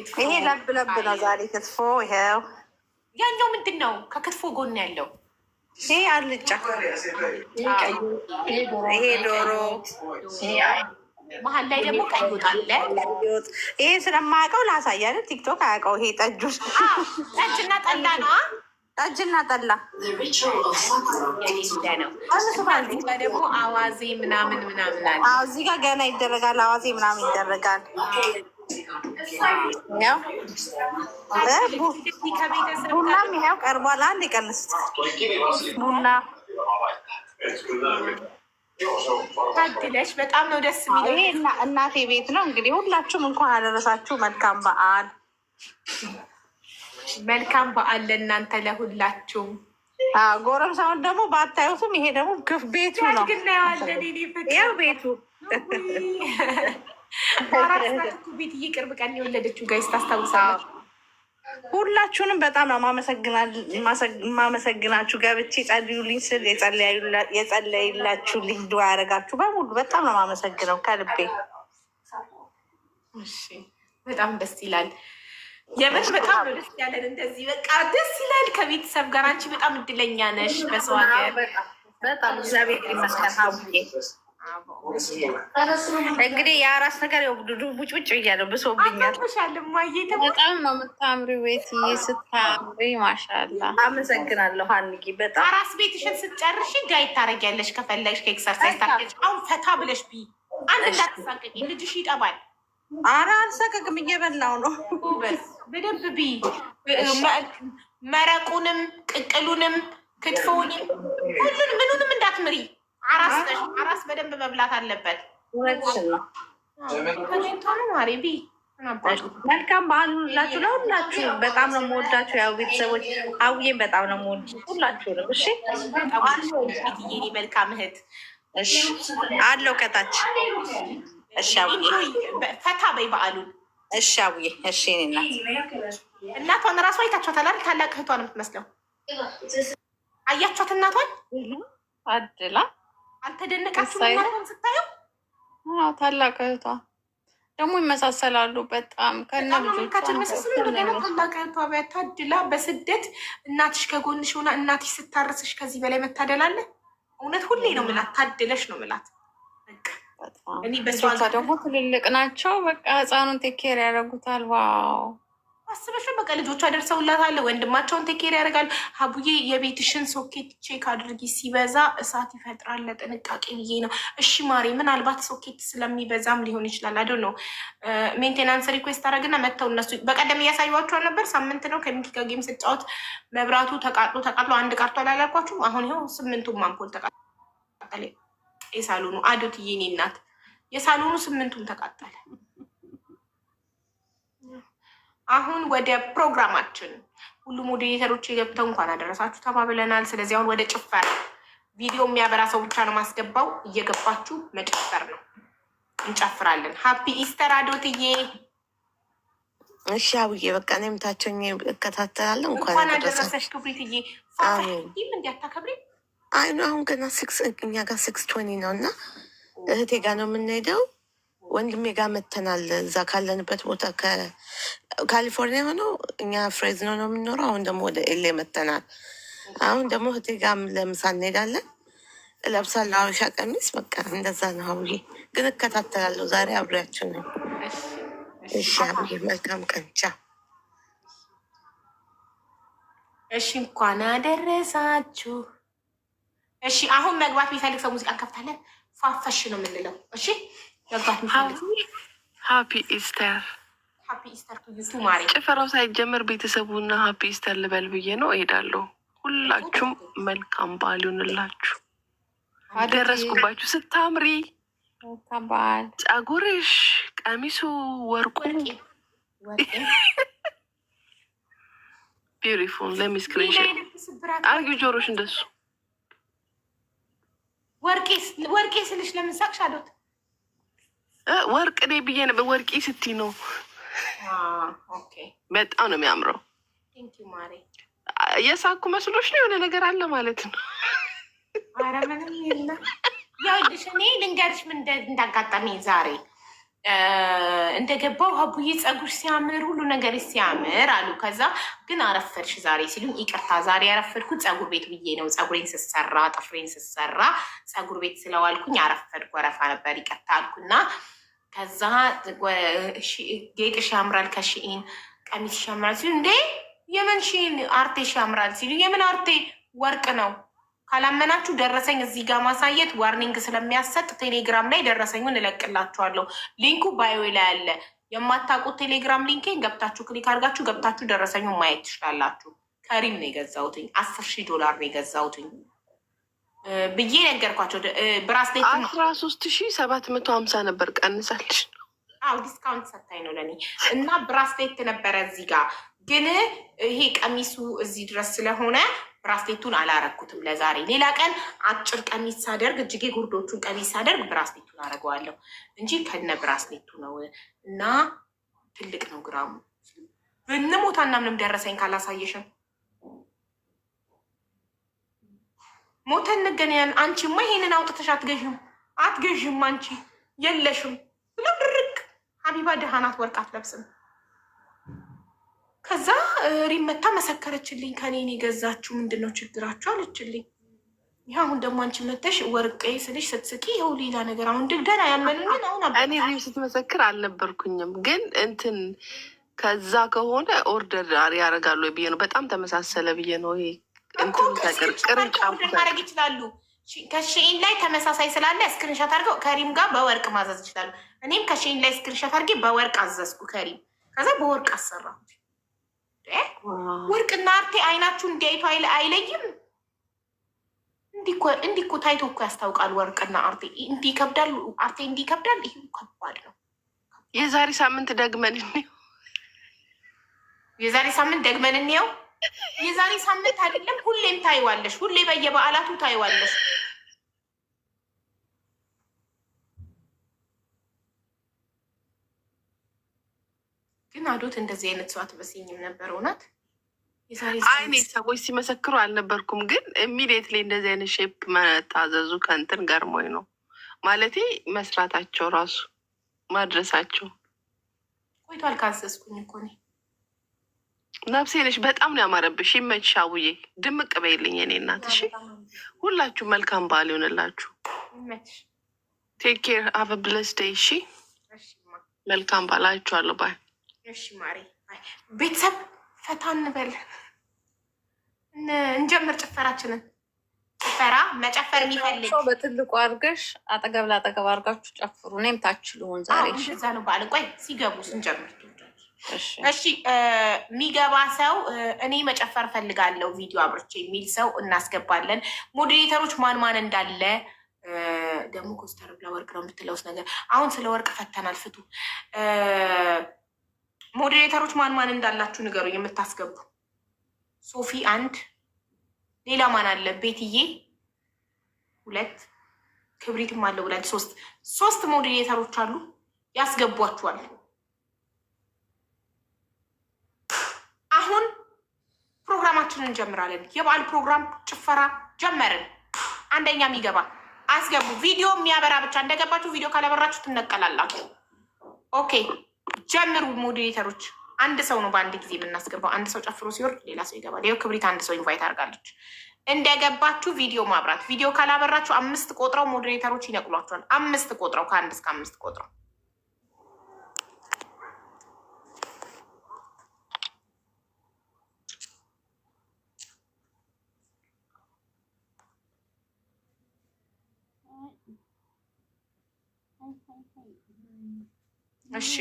ይሄ ለብ ለብ ነው ዛሬ ክትፎ። ይሄው። ያኛው ምንድን ነው ከክትፎ ጎን ያለው? ይሄ አልጫ፣ ይሄ ዶሮ፣ መሀል ላይ ደግሞ ቀይ ወጥ አለ። ይሄ ስለማያውቀው ላሳያለ። ቲክቶክ አያውቀው። ይሄ ጠጁ ጠጅና ጠላ ነው። ጠጅና ጠላ ደግሞ አዋዜ ምናምን ምናምን አለ። እዚህ ጋር ገና ይደረጋል። አዋዜ ምናምን ይደረጋል። ቡናም ይኸው ቀርቧል። አንድ የቀነሱት ቡና ታድለሽ። በጣም ነው ደስ የሚለው። እናቴ ቤት ነው እንግዲህ። ሁላችሁም እንኳን አደረሳችሁ። መልካም በዓል፣ መልካም በዓል ለእናንተ ለሁላችሁም። ጎረምሳውን ደግሞ ባታዩትም ይሄ ደግሞ ቤቱ ነው፣ ቤቱ አራት ቤት እየቅርብ ቀን የወለደችው ጋይስ ታስታውሳለች። ሁላችሁንም በጣም ማመሰግናችሁ ገብቼ ጸልዩልኝ ስል የጸለይላችሁ ልኝ ዱዓ ያደረጋችሁ በሙሉ በጣም ነው ማመሰግነው ከልቤ። በጣም ደስ ይላል። የምር በጣም ነው ደስ ያለን። እንደዚህ በቃ ደስ ይላል ከቤተሰብ ጋር። አንቺ በጣም እድለኛ ነሽ በሰው ሀገር በጣም እግዚአብሔር ይመስገን። እንግዲህ የአራስ ነገር ቡጭ ቡጭ እያለው ብሶብኛል። በጣም ነው የምታምሪው ቤትዬ፣ ስታምሪ ማሻላ። አመሰግናለሁ አንጊ። በጣም አራስ ቤትሽን ስትጨርሽ ጋይ ታረጊያለሽ። ከፈለግሽ ከኤክሰርሳይዝ ታረጊያለሽ። አሁን ፈታ ብለሽ ብይ። አንድ እንዳትሳቀቂ፣ ልጅሽ ይጠባል። አራ አልሳቀቅም፣ እየበላሁ ነው። በደንብ ብይ። መረቁንም፣ ቅቅሉንም፣ ክትፎውንም፣ ሁሉንም ምኑንም እንዳትምሪ አራስ ነሽ። አራስ በደንብ መብላት አለበት። መልካም በዓል ሁላችሁ ለሁላችሁ። በጣም ነው የምወዳችሁ። ያው ቤተሰቦች አውዬን በጣም ነው የምወድ እሺ መልካም እህት አለው ከታች ፈታ በይ እሺ አውዬ፣ እሺ እናት እናቷን እራሷ አይታችኋታል አይደል? ታላቅ እህቷን የምትመስለው አያችኋት እናቷን አድላ አልተደነቃችሁም ስታየው? ታላቅ እህቷ ደግሞ ይመሳሰላሉ በጣም ከነ ልጆቿ ታድላ በስደት እናትሽ ከጎንሽ ሆና እናትሽ ስታረስሽ ከዚህ በላይ መታደላለ እውነት ሁሌ ነው ምላት፣ ታድለሽ ነው ምላት። ደግሞ ትልልቅ ናቸው። በቃ ህፃኑን ቴኬር ኬር ያደርጉታል። ዋው አስበሽ በቃ ልጆቿ ደርሰውላታል። ወንድማቸውን ቴኬር ያደርጋል። ሀቡዬ የቤትሽን ሶኬት ቼክ አድርጊ፣ ሲበዛ እሳት ይፈጥራል። ለጥንቃቄ ብዬ ነው። እሺ ማሬ፣ ምናልባት ሶኬት ስለሚበዛም ሊሆን ይችላል። አዶ ነው ሜንቴናንስ ሪኩዌስት አደረግና መጥተው እነሱ በቀደም እያሳየኋቸው ነበር። ሳምንት ነው ከሚኪ ጋር ጌም ስጫወት መብራቱ ተቃጥሎ ተቃጥሎ አንድ ቀርቶ አላላኳችሁ? አሁን ይኸው ስምንቱም አምፖል ተቃጠለ። የሳሎኑ አዶት እኔ እናት የሳሎኑ ስምንቱም ተቃጠለ። አሁን ወደ ፕሮግራማችን ሁሉም ሞዴሬተሮች የገብተው እንኳን አደረሳችሁ ተባብለናል። ስለዚህ አሁን ወደ ጭፈር ቪዲዮ የሚያበራ ሰው ብቻ ነው ማስገባው። እየገባችሁ መጨፈር ነው። እንጨፍራለን። ሀፒ ኢስተር አዶትዬ። እሺ አብዬ፣ በቃ ነው የምታቸው እከታተላለሁ። እንኳን አደረሰሽ ክብሪትዬ። ፋፋይም እንዲያታከብሪ አይ አሁን ገና ሲክስ እኛ ጋር ሲክስ ትወኒ ነው እና እህቴ ጋር ነው የምንሄደው። ወንድሜ ጋር መተናል እዛ ካለንበት ቦታ ካሊፎርኒያ ሆነው እኛ ፍሬዝኖ ነው የምንኖረው። አሁን ደግሞ ወደ ኤሌ መተናል። አሁን ደግሞ እህቴ ጋር ለምሳ እንሄዳለን። እለብሳለሁ ሀበሻ ቀሚስ። በቃ እንደዛ ነው። አብዬ ግን እከታተላለሁ። ዛሬ አብሬያችን ነው። እሺ አብዬ፣ መልካም ቀንቻ። እሺ፣ እንኳን አደረሳችሁ። እሺ፣ አሁን መግባት የሚፈልግ ሰው ሙዚቃ እንከፍታለን። ፏፈሽ ነው የምንለው። እሺ፣ መግባት የሚፈልግ ኢስተር ሀፒ ኢስተር ጭፈራው ሳይጀመር ቤተሰቡና ሀፒ ኢስተር ልበል ብዬ ነው እሄዳለሁ። ሁላችሁም መልካም በዓል ይሁንላችሁ። አደረስኩባችሁ። ስታምሪ ጸጉርሽ፣ ቀሚሱ፣ ወርቁ ቢሪፉን ለሚስክሪንሽን አርጊ ጆሮሽ እንደሱ ወርቄ ስልሽ ለምን ሳቅሽ? አዶት ወርቅ እኔ ብዬ ነበር። ወርቄ ስቲ ነው Ah, በጣም ነው የሚያምረው። የሳኩ መስሎች ነው የሆነ ነገር አለ ማለት ነው። ኧረ ምንም የለም። ይኸውልሽ እኔ ልንገርሽ ምን እንዳጋጠመኝ ዛሬ እንደገባው አቡዬ ፀጉር ሲያምር ሁሉ ነገር ሲያምር አሉ። ከዛ ግን አረፈድሽ ዛሬ ሲሉኝ ይቅርታ ዛሬ ያረፈድኩት ፀጉር ቤት ብዬ ነው። ፀጉሬን ስሰራ ጥፍሬን ስሰራ ፀጉር ቤት ስለዋልኩኝ አረፈድኩ። ወረፋ ነበር ይቅርታ አልኩና ከዛ ጌጥሽ ያምራል ከሽኢን ቀሚስ ያምራል ሲሉ እንዴ የምን ሽኢን አርቴ ያምራል ሲሉ የምን አርቴ ወርቅ ነው። ካላመናችሁ ደረሰኝ እዚህ ጋር ማሳየት ዋርኒንግ ስለሚያሰጥ ቴሌግራም ላይ ደረሰኙን እለቅላችኋለሁ። ሊንኩ ባዮ ላይ አለ። የማታውቁት ቴሌግራም ሊንኬን ገብታችሁ ክሊክ አድርጋችሁ ገብታችሁ ደረሰኙን ማየት ትችላላችሁ። ከሪም ነው የገዛሁትኝ። አስር ሺህ ዶላር ነው የገዛሁትኝ። ብዬ ነገርኳቸው። ብራስሌት አስራ ሶስት ሺ ሰባት መቶ ሀምሳ ነበር ቀንሳለች። አዎ ዲስካውንት ሰታኝ ነው ለኔ እና ብራስሌት ነበረ እዚህ ጋ ግን ይሄ ቀሚሱ እዚህ ድረስ ስለሆነ ብራስሌቱን አላረግኩትም ለዛሬ። ሌላ ቀን አጭር ቀሚስ ሳደርግ እጅጌ ጉርዶቹን ቀሚስ ሳደርግ ብራስሌቱን አደርገዋለሁ እንጂ ከነ ብራስሌቱ ነው እና ትልቅ ነው ግራሙ ብንሞታ እናምንም ደረሰኝ ካላሳየሽም ሞተ እንገናኛለን። አንቺማ ይሄንን አውጥተሽ አትገዥም አትገዥም፣ አንቺ የለሽም ብሎ ድርቅ። ሀቢባ ደሃ ናት፣ ወርቅ አትለብስም። ከዛ ሪመታ መሰከረችልኝ። ከኔ ኔ የገዛችሁ፣ ምንድን ነው ችግራችሁ አለችልኝ። ይህ አሁን ደግሞ አንቺ መተሽ ወርቄ ስልሽ ስትስቂ፣ ይኸው ሌላ ነገር። አሁን ድግደና ያመኑኝን አሁን እኔ ስትመሰክር አልነበርኩኝም፣ ግን እንትን ከዛ ከሆነ ኦርደር ያደርጋሉ ብዬ ነው። በጣም ተመሳሰለ ብዬ ነው ይሄ ማድረግ ይችላሉ። ከሽኢን ላይ ተመሳሳይ ስላለ እስክሪንሻት አድርገው ከሪም ጋር በወርቅ ማዘዝ ይችላሉ። እኔም ላይ እስክሪንሻት አድርጌ በወርቅ አዘዝኩ ከሪም፣ ከዛ በወርቅ አሰራሁት። ወርቅና አርቴ አይናችሁ እንዲያይቱ አይለይም። እንዲህ ታይቶ እኮ ያስታውቃል። ወርቅና አርቴ እንዲህ ይከብዳል። አርቴ እንዲህ ይከብዳል። ከባድ ነው። የዛሬ ሳምንት ደግመን እንየው። የዛሬ ሳምንት ደግመን እንየው። የዛሬ ሳምንት አይደለም፣ ሁሌም ታይዋለሽ። ሁሌ በየበዓላቱ ታይዋለሽ። ግን አዶት እንደዚህ አይነት ሰው አትመስይኝም ነበር። እውነት አይኔ ሰዎች ሲመሰክሩ አልነበርኩም። ግን ላይ እንደዚህ አይነት ሼፕ መታዘዙ ከንትን ገርሞኝ ነው ማለት መስራታቸው ራሱ ማድረሳቸው ቆይቷል። ካዘዝኩኝ እኮ እኔ ነፍሴ ነሽ። በጣም ነው ያማረብሽ። ይመችሽ አቡዬ፣ ድምቅ በይልኝ የኔ እናት። እሺ ሁላችሁ መልካም በዓል ይሆንላችሁ። ቴክ ኬር አቭ ብለስ ደይ። እሺ መልካም በዓል አይቻለሁ። ባይ ቤተሰብ ፈታ እንበል፣ እንጀምር ጭፈራችንን። ጭፈራ መጨፈር የሚፈልግ በትልቁ አድርገሽ አጠገብ ለአጠገብ አድርጋችሁ ጨፍሩ። እኔም ታች ልሆን ዛሬ። እዛ ነው በዓል። ቆይ ሲገቡ ስንጀምር እሺ የሚገባ ሰው እኔ መጨፈር ፈልጋለው ቪዲዮ አብርቼ የሚል ሰው እናስገባለን። ሞዴሬተሮች ማን ማን እንዳለ ደግሞ ኮስተር ብላ ወርቅ ነው የምትለውስ ነገር አሁን ስለ ወርቅ ፈተናል። ፍቱ ሞዴሬተሮች ማን ማን እንዳላችሁ ንገሩ የምታስገቡ ሶፊ አንድ፣ ሌላ ማን አለ? ቤትዬ ሁለት፣ ክብሪትም አለው ብላል ሶስት ሶስት ሞዴሬተሮች አሉ ያስገቧችኋል። ፕሮግራማችንን እንጀምራለን። የበዓል ፕሮግራም ጭፈራ ጀመርን። አንደኛ የሚገባ አስገቡ። ቪዲዮ የሚያበራ ብቻ እንደገባችሁ፣ ቪዲዮ ካላበራችሁ ትነቀላላችሁ። ኦኬ ጀምሩ ሞዲሬተሮች። አንድ ሰው ነው በአንድ ጊዜ የምናስገባው። አንድ ሰው ጨፍሮ ሲወርድ ሌላ ሰው ይገባል። ይኸው ክብሪት አንድ ሰው ኢንቫይት አድርጋለች። እንደገባችሁ ቪዲዮ ማብራት። ቪዲዮ ካላበራችሁ አምስት ቆጥረው ሞዲሬተሮች ይነቅሏቸዋል። አምስት ቆጥረው ከአንድ እስከ አምስት ቆጥረው እሺ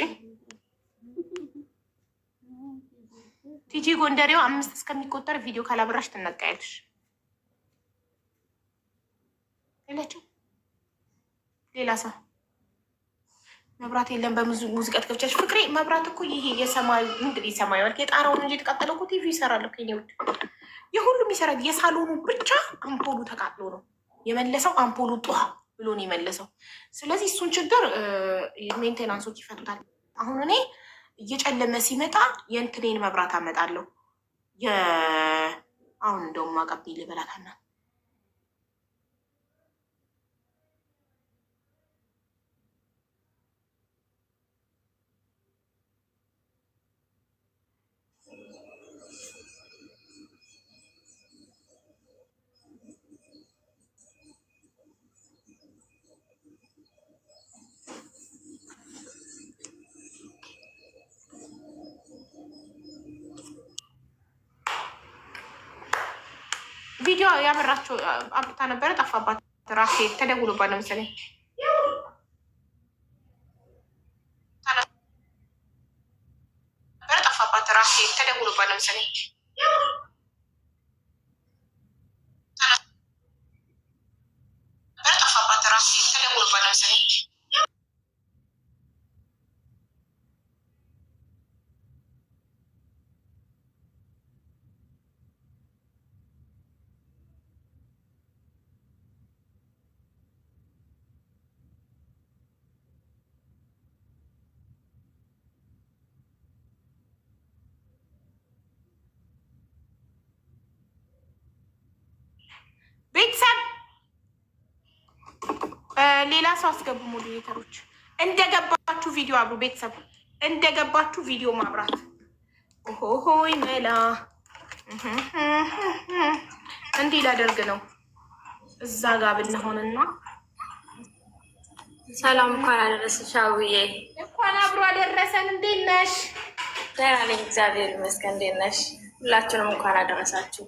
ቲጂ ጎንደሬው አምስት እስከሚቆጠር ቪዲዮ ካላብራሽ ትነቃያለሽ። ሌላቸው ሌላ ሰው መብራት የለም። በሙዚቃ ትገብቻች ፍቅሬ መብራት እኮ ይሄ የሰማዩ ምንድን የሰማዩ ወርቅ የጣራውን እንጂ የተቃጠለው እኮ ቲቪ ይሰራል እኮ ውድ፣ የሁሉም ይሰራል። የሳሎኑ ብቻ አምፖሉ ተቃጥሎ ነው የመለሰው። አምፖሉ ጧ ብሎ ነው የመለሰው። ስለዚህ እሱን ችግር ሜንቴናንሶች ይፈቱታል። አሁን እኔ እየጨለመ ሲመጣ የእንትኔን መብራት አመጣለሁ። አሁን እንደውም አቀብ ልበላታና ልጅቷ ያበራቸው አብርታ ነበረ፣ ጠፋባት። ራሴ ተደውሎባት ነው መሰለኝ ጠፋባት። ራሴ ተደውሎባት ነው መሰለኝ ሌላ ሰው አስገቡ። ሞዴሬተሮች እንደገባችሁ ቪዲዮ አብሩ። ቤተሰብ እንደገባችሁ ቪዲዮ ማብራት ሆሆይ መላ እንዲህ ላደርግ ነው። እዛ ጋር ብንሆንና ሰላም እንኳን አደረሰሽ አውዬ። እንኳን አብሮ አደረሰን። እንዴት ነሽ? ደህና ነኝ፣ እግዚአብሔር ይመስገን። እንዴት ነሽ? ሁላችሁንም እንኳን አደረሳችሁ።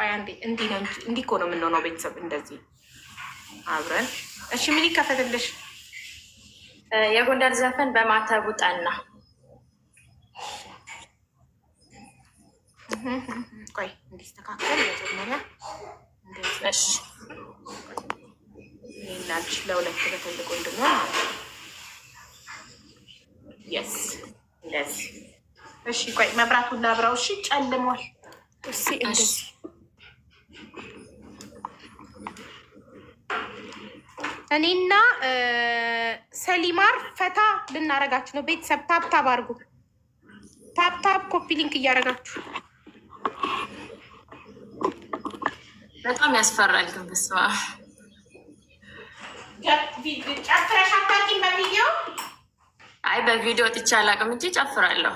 ቆይ አንዴ፣ እንዲህ ነው እንዲህ እኮ ነው የምንሆነው ቤተሰብ እንደዚህ አብረን። እሺ ምን ይከፈትልሽ? የጎንደር ዘፈን በማተቡ ጠና። ቆይ እንዲስተካከል መጀመሪያ እሺ ይላልሽ ለሁለት በትልቅ ወንድሞ የስ እንደዚህ እሺ ቆይ መብራቱን ላብራው እሺ ጨልሟል እሺ እንደዚህ እኔና ሰሊማር ፈታ ልናረጋችሁ ነው። ቤተሰብ ታብታብ አድርጉ። ታብታብ ኮፒ ሊንክ እያረጋችሁ በጣም ያስፈራል። ግን በስመ ጨፍረሽ አታውቂም? በቪዲዮ አይ፣ በቪዲዮ ወጥቼ አላውቅም እንጂ ጨፍራለሁ።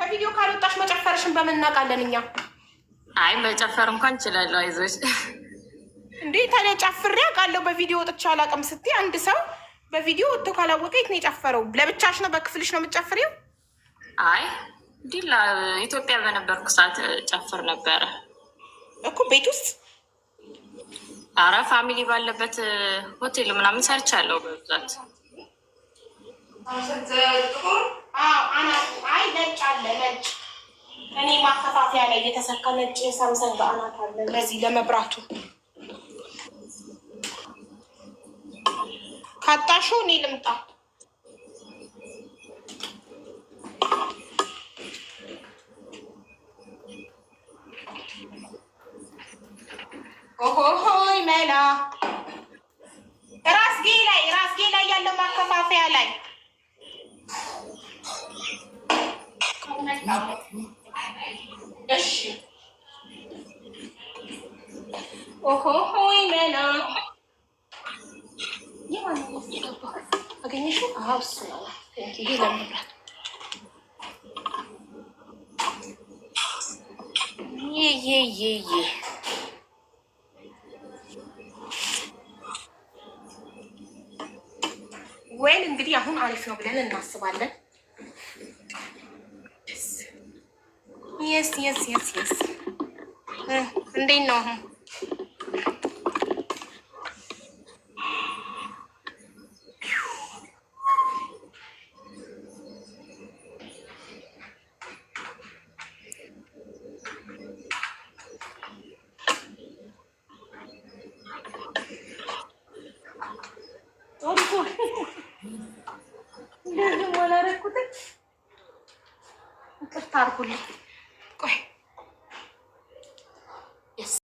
በቪዲዮ ካልወጣሽ መጨፈርሽን በምን እናውቃለን እኛ? አይ መጨፈር እንኳን እችላለሁ። አይዞሽ እንዴ ታዲያ ጨፍሬ አውቃለሁ። በቪዲዮ ወጥቼ አላውቅም ስትይ አንድ ሰው በቪዲዮ ወጥቶ ካላወቀ የት ነው የጨፈረው? ለብቻሽ ነው በክፍልሽ ነው የምትጨፍሪው? አይ ዲላ ኢትዮጵያ በነበርኩ ሰዓት ጨፍር ነበረ እኮ ቤት ውስጥ አረ ፋሚሊ ባለበት ሆቴል ምናምን ሰርቻለሁ በብዛት። አይ ነጭ አለ ነጭ እኔ ማከፋፈያ ላይ የተሰካ ነጭ የሳምሰንግ አናት አለ ለዚህ ለመብራቱ ካጣሽው እኔ ልምጣ አገኘሽ ሀብስ ነው ይሄ ለምራት ይይይይይ ወይን እንግዲህ አሁን አሪፍ ነው ብለን እናስባለን። የስ የስ የስ የስ እንዴት ነው አሁን? ላ ኩ